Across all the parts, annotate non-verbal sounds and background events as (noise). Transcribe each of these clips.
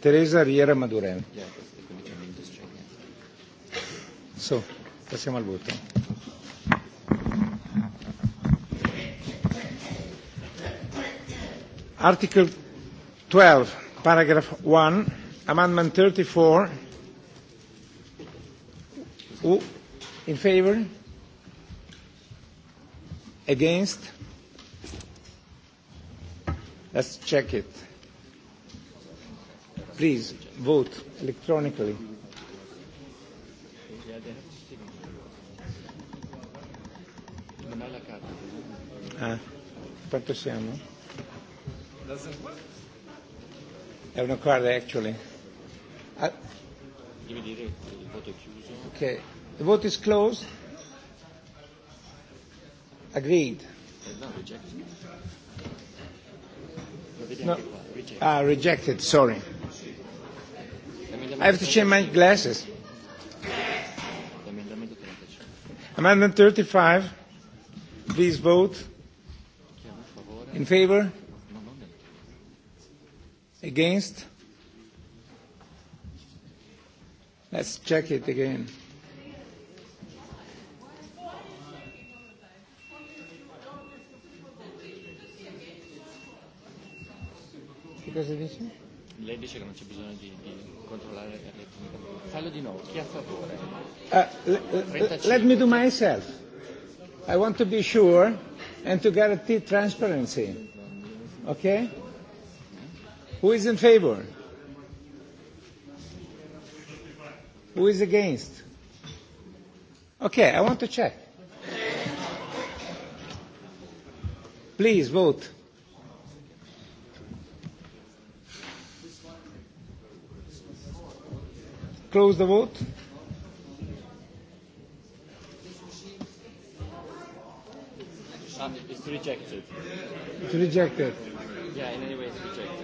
Teresa Riera Madureno. So, passiamo al voto. Article 12, paragraph 1, amendment 34. Who in favor? Against? Let's check it. Please vote electronically. Ah, quanto siamo? È una quarta, actually. Ah. Devi dire il voto è chiuso. Ok, the vote is closed. Agreed. No, rejected. No. Ah, rejected, sorry. I have to change my glasses. Amendment 35. Please vote. In favor? Against? Let's check it again. Because of this? lei dice che non c'è bisogno di, di controllare elettronicamente. Fallo di nuovo, chi è a favore? Uh, let, let me do myself. I want to be sure and to guarantee transparency. Okay? Who is in favor? Who is against? Okay, I want to check. Please vote. Close the vote. Uh, it's rejected. It's rejected. Yeah, in any way it's rejected.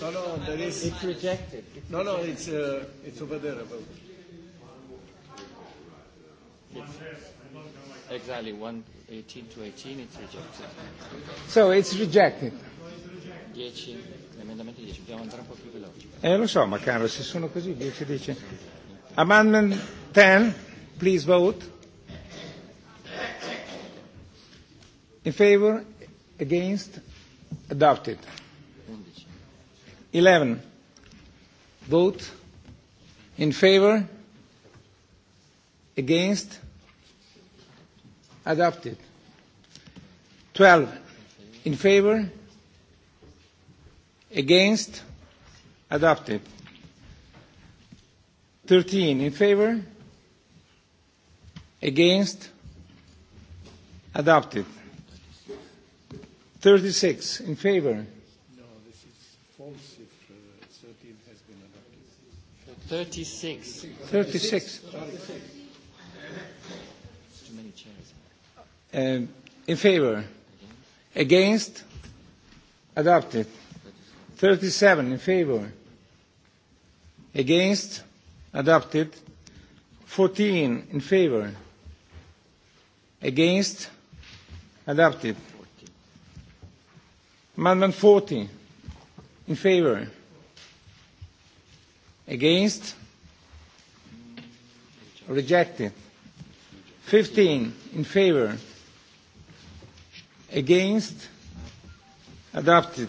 No, no, there is. It's rejected. It's no, no, it's uh, it's over there about. It's exactly 118 to 18. It's rejected. So it's rejected. The 18. L'emendamento 10, dobbiamo andare un po' più veloci. Eh lo so, ma caro, se sono così 10 dice. Amendment 10, please vote. In favor, against, adopted. 11. Vote in favor, against, adopted. 12. In favor, Against? Adopted. 13 in favor? Against? Adopted. 36 in favor? No, this is false if uh, 13 has been adopted. 36. 36. 36. 36. Too many chairs. Uh, in favor? Against? Adopted. 37 in favor. Against? Adopted. 14 in favor. Against? Adopted. Amendment 40 in favor. Against? Rejected. 15 in favor. Against? Adopted.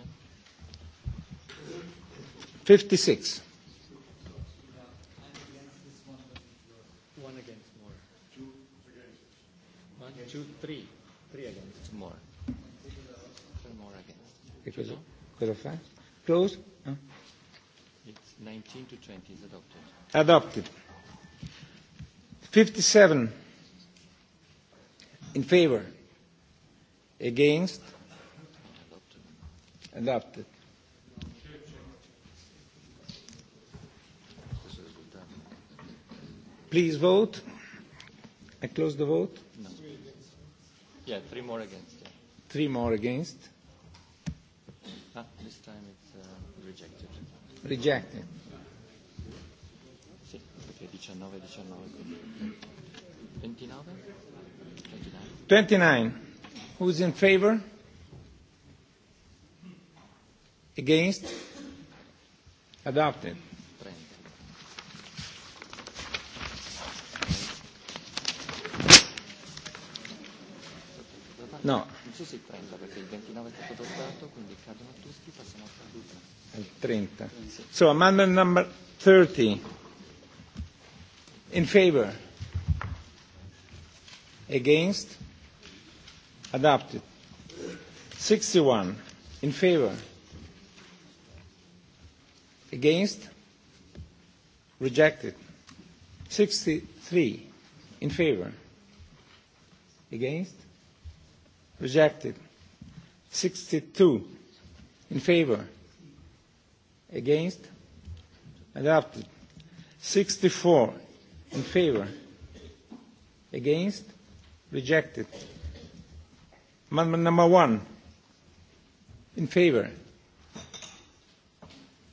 56. two, three, three against. Two more. Two more against. It was zero five. Close. Huh? It's 19 to 20 is adopted. Adopted. 57 in favor. Against. Adopted. Adopted. Please vote. I close the vote. No. Yeah, three more against. Yeah. Three more against. Ah, this time it's uh, rejected. Rejected. Sì, perché 19, 19. 29? 29. 29. Who's in favor? Against? Adopted. No. Non so se 30 perché il 29 è stato adottato, quindi cadono tutti, passiamo al 30. Il 30. So amendment number 30. In favor. Against. Adopted. 61. In favor. Against. Rejected. 63. In favor. Against rejected. 62 in favor, against, adopted. 64 in favor, against, rejected. Amendment number one, in favor,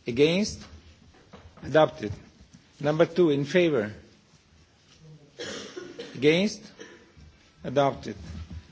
against, adopted. Number two, in favor, against, adopted.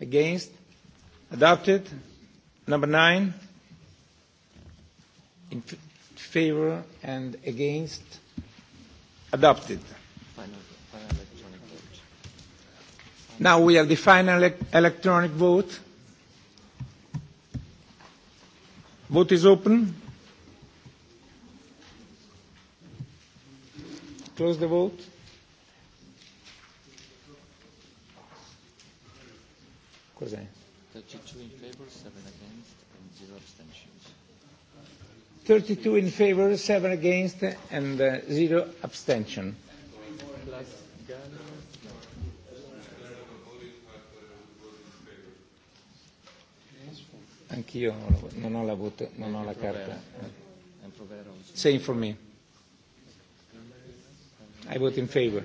Against? Adopted. Number nine. In f- favor and against? Adopted. Final, final electronic vote. Now we have the final ele- electronic vote. Vote is open. Close the vote. Cos'è? 32 in favor, 7 against and 0 abstentions. 32 in favor, 7 against and uh, 0 abstention. Plus Gallo. Anch'io non ho la, voto, non ho la carta. Say for me. I vote in favor.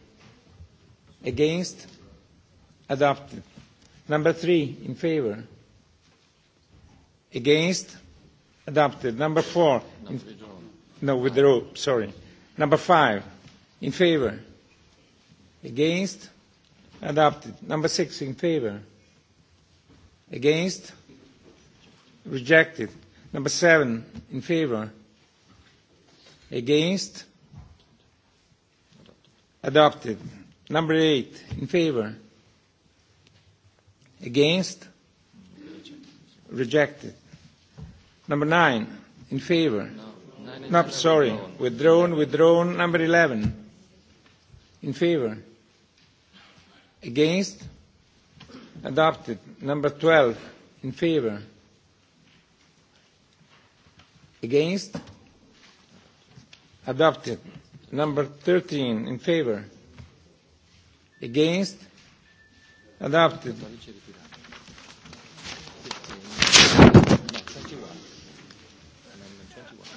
Against? Adopted. Number three, in favor. Against? Adopted. Number four. In, no, withdraw, sorry. Number five, in favor. Against? Adopted. Number six, in favor. Against? Rejected. Number seven, in favor. Against? Adopted. Number eight, in favor. Against? Rejected. Number nine, in favor. No, nine no nine sorry. Withdrawn. withdrawn, withdrawn. Number 11, in favor. Against? Adopted. Number 12, in favor. Against? Adopted. Number 13, in favor. Against? Adopted.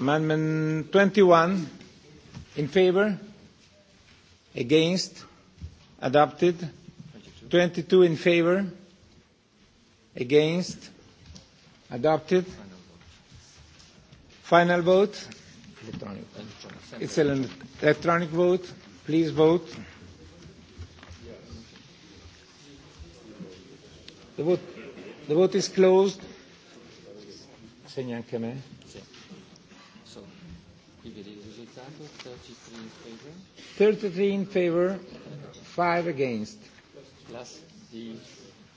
Amendment 21 in favor, against, adopted. 22 in favor, against, adopted. Final vote. Electronic. It's an electronic vote. Please vote. The vote, the vote is closed. Segna anche me. Sì. So, qui vedi il risultato, 33 in favor. 33 in favor, 5 against. Plus the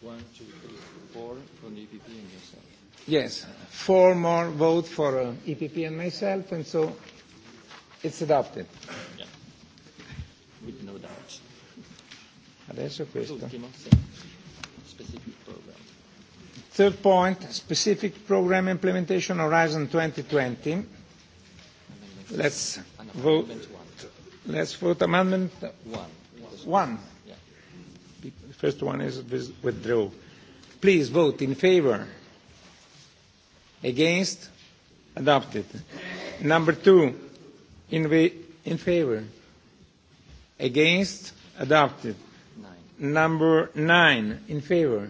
1, 2, 3, 4 from the EPP and yourself. Yes, four more votes for uh, EPP and myself, and so it's adopted. Yeah. With no doubt. Adesso questo. L'ultimo, sì. Specifico. Third point, specific program implementation Horizon 2020. Let's vote. Let's vote amendment one. One. Yeah. The first one is withdraw. Please vote in favor. Against? Adopted. Number two, in, in favor. Against? Adopted. Nine. Number nine, in favor.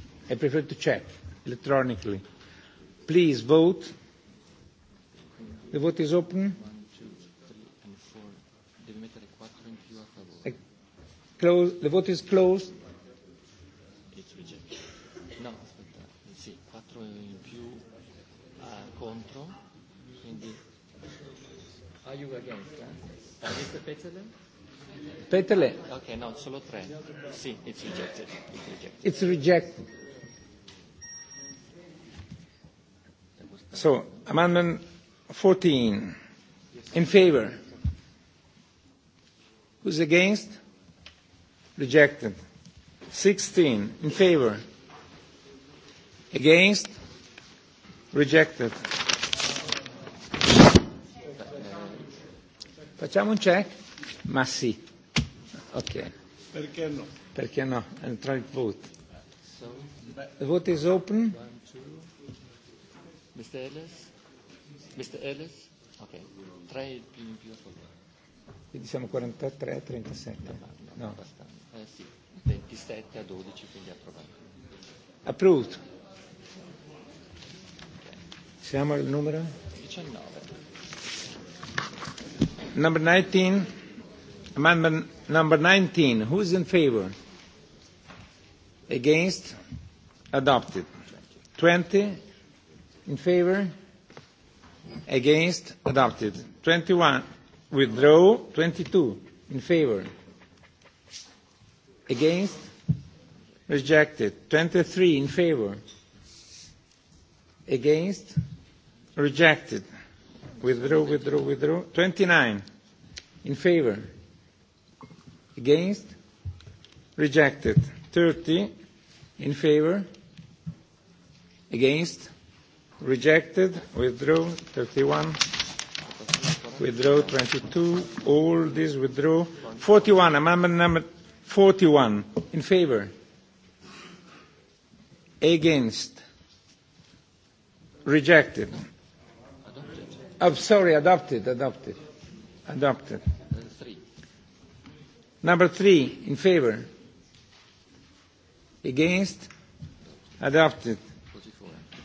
I prefer to check electronically. Please vote. The vote is open. One, two, three, and four. Devi mettere quattro in più a favore. Close. The vote is closed. It's rejected. No, aspetta. Sì, quattro in più uh, contro. Quindi. Are you against? Eh? Ah. Are you Petele? Petele. Okay, no, solo tre. Sì, it's rejected. It's rejected. It's rejected. So, amendment 14. In favor? Who's against? Rejected. 16. In favor? Against? Rejected. Facciamo un check? Ma sì. Ok. Perché no? Perché no? And try vote. The vote is open. One, two, Mr. Ellis? Mr. Ellis? Ok, 3 il più in più Quindi siamo 43 a 37? No, no. no. Eh, sì, 27 a 12, quindi approvato. Approved. Okay. Siamo al numero? 19. Number 19. Amendment number 19. Who is in favor? Against? Adopted. 20 in favor against adopted 21 withdraw 22 in favor against rejected 23 in favor against rejected withdraw withdraw withdraw 29 in favor against rejected 30 in favor against rejected, withdrew 31, withdrew 22, all these withdrew. 41, amendment number 41, in favor, against, rejected. Adopted. I'm sorry, adopted, adopted, adopted. Three. Number three, in favor, against, adopted.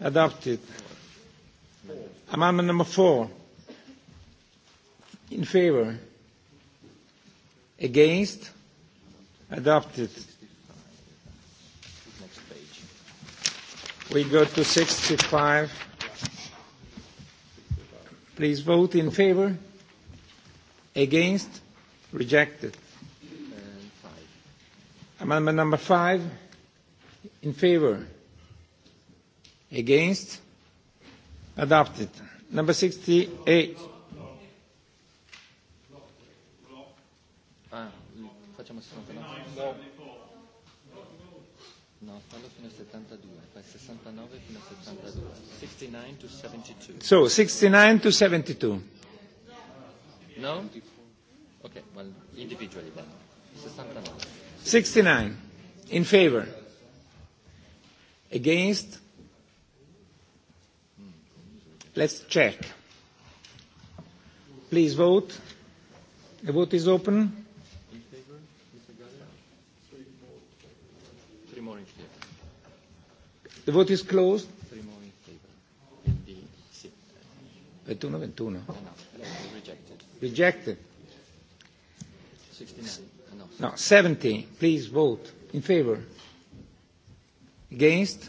Adopted. Amendment number four. In favor. Against. Adopted. Next page. We go to 65. Please vote in favor. Against. Rejected. Amendment number five. In favor Against? Adopted. Number 68. Ah, facciamo 69. No, fallo fino a 72. Fai 69 fino a 72. 69 to 72. So, 69 to 72. No? Okay, well, individually then. 69. 69. In favor. Against? Let's check. Please vote. The vote is open. In favor, Mr. Galler? Three more. Three more in favor. The vote is closed. Three more in favor. Indeed. 21, 21. No, no, rejected. Rejected. 69. No. No, 70. Please vote in favor. Against?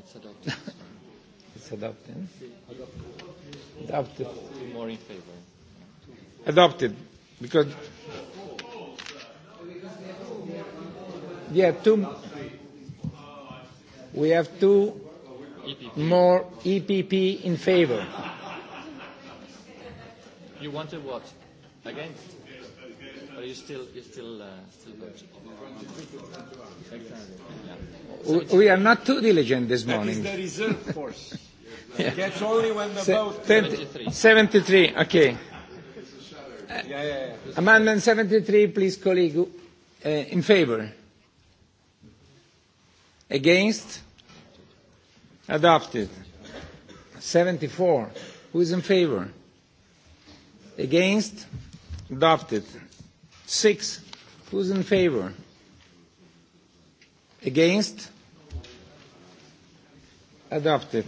it's adopted. (laughs) it's adopted. Adopted. Two more in favor. Adopted. Because. Yeah, two. We have two EPP. more EPP in favor. You wanted what? Against? you still, you still, uh, still good. We are not too diligent this morning. That is the reserve force. (laughs) yeah. Catch only when the Se- boat... 73. 73, okay. Uh, yeah, yeah, yeah. Uh, Amendment 73, please, colleague. Uh, in favor? Against? Adopted. 74. Who is in favor? Against? Adopted. Six. Who's in favor? Against? Adopted.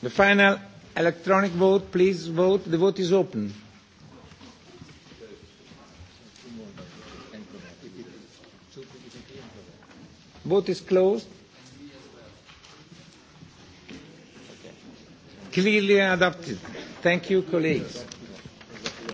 The final electronic vote, please vote. The vote is open. Vote is closed. Clearly adopted. Thank you, colleagues.